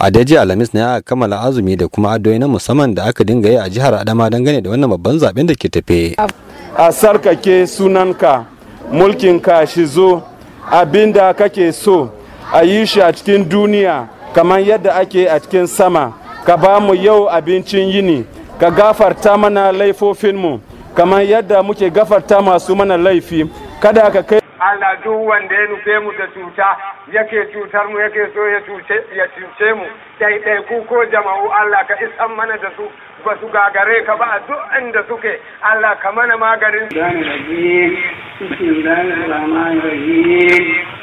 a daji alamis na ya kammala azumi da kuma addu'o'i na musamman da aka dinga yi a jihar adama dangane da wannan babban zaben da ke tafe a sarkake sunanka mulkinka shi zo abinda kake so a yi shi a cikin duniya kamar yadda ake a cikin sama ka ba mu yau abincin yini ka gafarta mana laifofinmu kamar yadda muke gafarta masu mana laifi kada ka kai Allah duk wanda ya nufe mu da cuta yake cutar mu yake so ya cuce ya cuce mu ku ko jama'u Allah ka isan mana da su ba su gagare ka ba a duk inda suke Allah ka mana maganin. Bismillahirrahmanirrahim.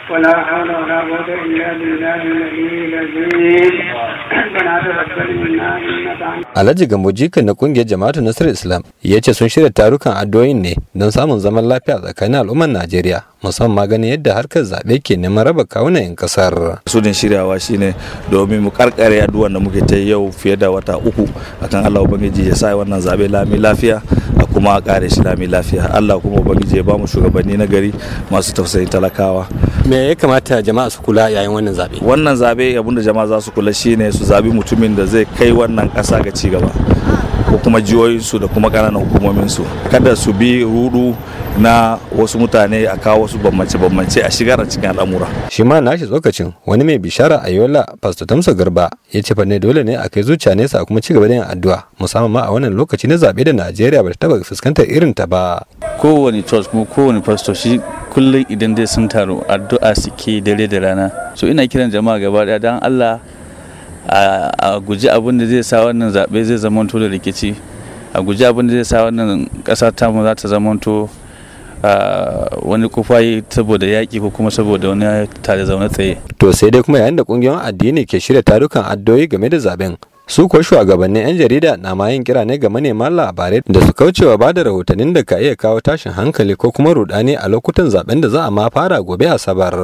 Alhaji Gambo Jikan na kungiyar Jama'atu Nasiru Islam ya ce sun shirya tarukan addu'o'in ne don samun zaman lafiya tsakanin al'ummar Najeriya musamman ganin yadda harkar zaɓe ke neman raba kawunan 'yan kasar. Sudin shiryawa shine domin mu karkare addu'an da muke ta yau fiye da wata uku akan Allah Ubangiji ya sa wannan zaɓe lami lafiya kuma a kare shi lami lafiya allah kuma ubangiji ya ba mu shugabanni na gari masu tausayin talakawa me ya kamata jama'a su kula yayin wannan zabe wannan zabe da jama'a za su kula shine su zabi mutumin da zai kai wannan kasa ga ci gaba ko kuma jihohinsu da kuma ƙananan hukumominsu kada su bi rudu na wasu mutane a kawo wasu bambance-bambance a shigar a cikin al'amura. shi ma nashi tsokacin wani mai bishara a yola pastor tamsa garba ya ce ne dole ne a kai zuciya nesa kuma ci gaba da yin addu'a musamman ma a wannan lokaci na zaɓe da najeriya ba ta taɓa fuskantar irin ta ba. kowane church kuma kowane pastor shi kullum idan dai sun taru addu'a suke dare da rana so ina kiran jama'a gaba daya don allah a guji abin da zai sa wannan zaɓe zai zamanto da rikici a guji abin da zai sa wannan ƙasa tamu za ta zamanto wani kufayi saboda yaƙi ko kuma saboda wani tare zaune tsaye to sai dai kuma yayin da kungiyoyin addini ke shirya tarukan addoyi game da zaben su kuwa shugabannin 'yan jarida na ma yin kira ne ga manema labarai da su kaucewa ba da rahotannin da ka iya kawo tashin hankali ko kuma rudani a lokutan zaben da za a ma fara gobe asabar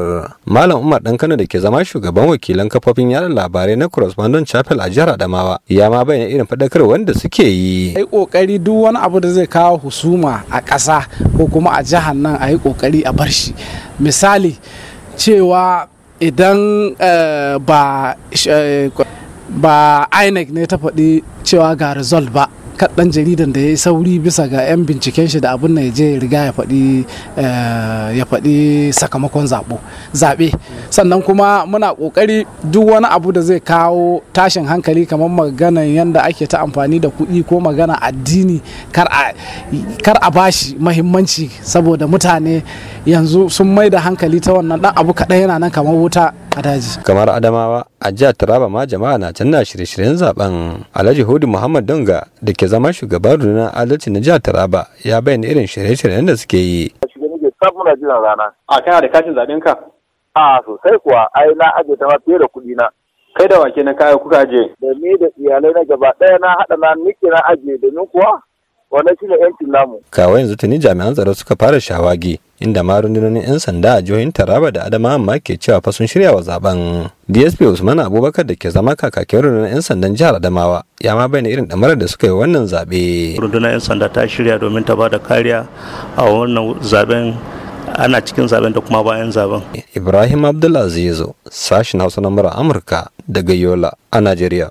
malam umar dan kano da ke zama shugaban wakilan kafofin yada labarai na correspondent chapel a jihar adamawa ya ma bayyana irin faɗakar wanda suke yi ai kokari duk wani abu da zai kawo husuma a ƙasa ko kuma a jihar nan a yi kokari a bar shi misali cewa idan eh, ba eh, ba inec ne ta faɗi cewa ga result ba kaɗan jaridan da ya yi sauri bisa ga 'yan binciken shi da abin ya je riga ya faɗi eh, ya faɗi sakamakon zaɓe sannan kuma muna ƙoƙari duk wani abu da zai kawo tashin hankali kamar maganan yadda ake ta amfani da kuɗi ko magana addini kar a bashi mahimmanci saboda mutane yanzu sun mai da hankali ta wannan ɗan abu kaɗan yana nan kamar wuta a daji. Kamar Adamawa a jihar Taraba ma jama'a na can shirye-shiryen zaben Alhaji Hudu Muhammad Donga da ke zama shugaban rundunar adalci na jihar Taraba ya bayyana irin shirye-shiryen da suke yi. Sab muna A da katin zaben ka? A sosai kuwa ai na ajiye ta fiye da kuɗi na. Kai da wake na kaya kuka je? Da ni da iyalai na gaba ɗaya na haɗa na nike na da domin kuwa wannan shi ne 'yancin namu. Kawai yanzu tuni jami'an tsaro suka fara shawagi inda ma rundunonin 'yan sanda a jihohin taraba da adama amma ke cewa fa sun shirya wa zaben dsp usman abubakar da ke zama kakakin rundunar 'yan sandan jihar adamawa ya ma bayyana irin damarar da suka yi wannan zaɓe. rundunar 'yan sanda ta shirya domin ta ba da kariya a wannan zaben ana cikin zaben da kuma bayan zaben. ibrahim abdulaziz Sashen hausa na mura amurka daga yola a najeriya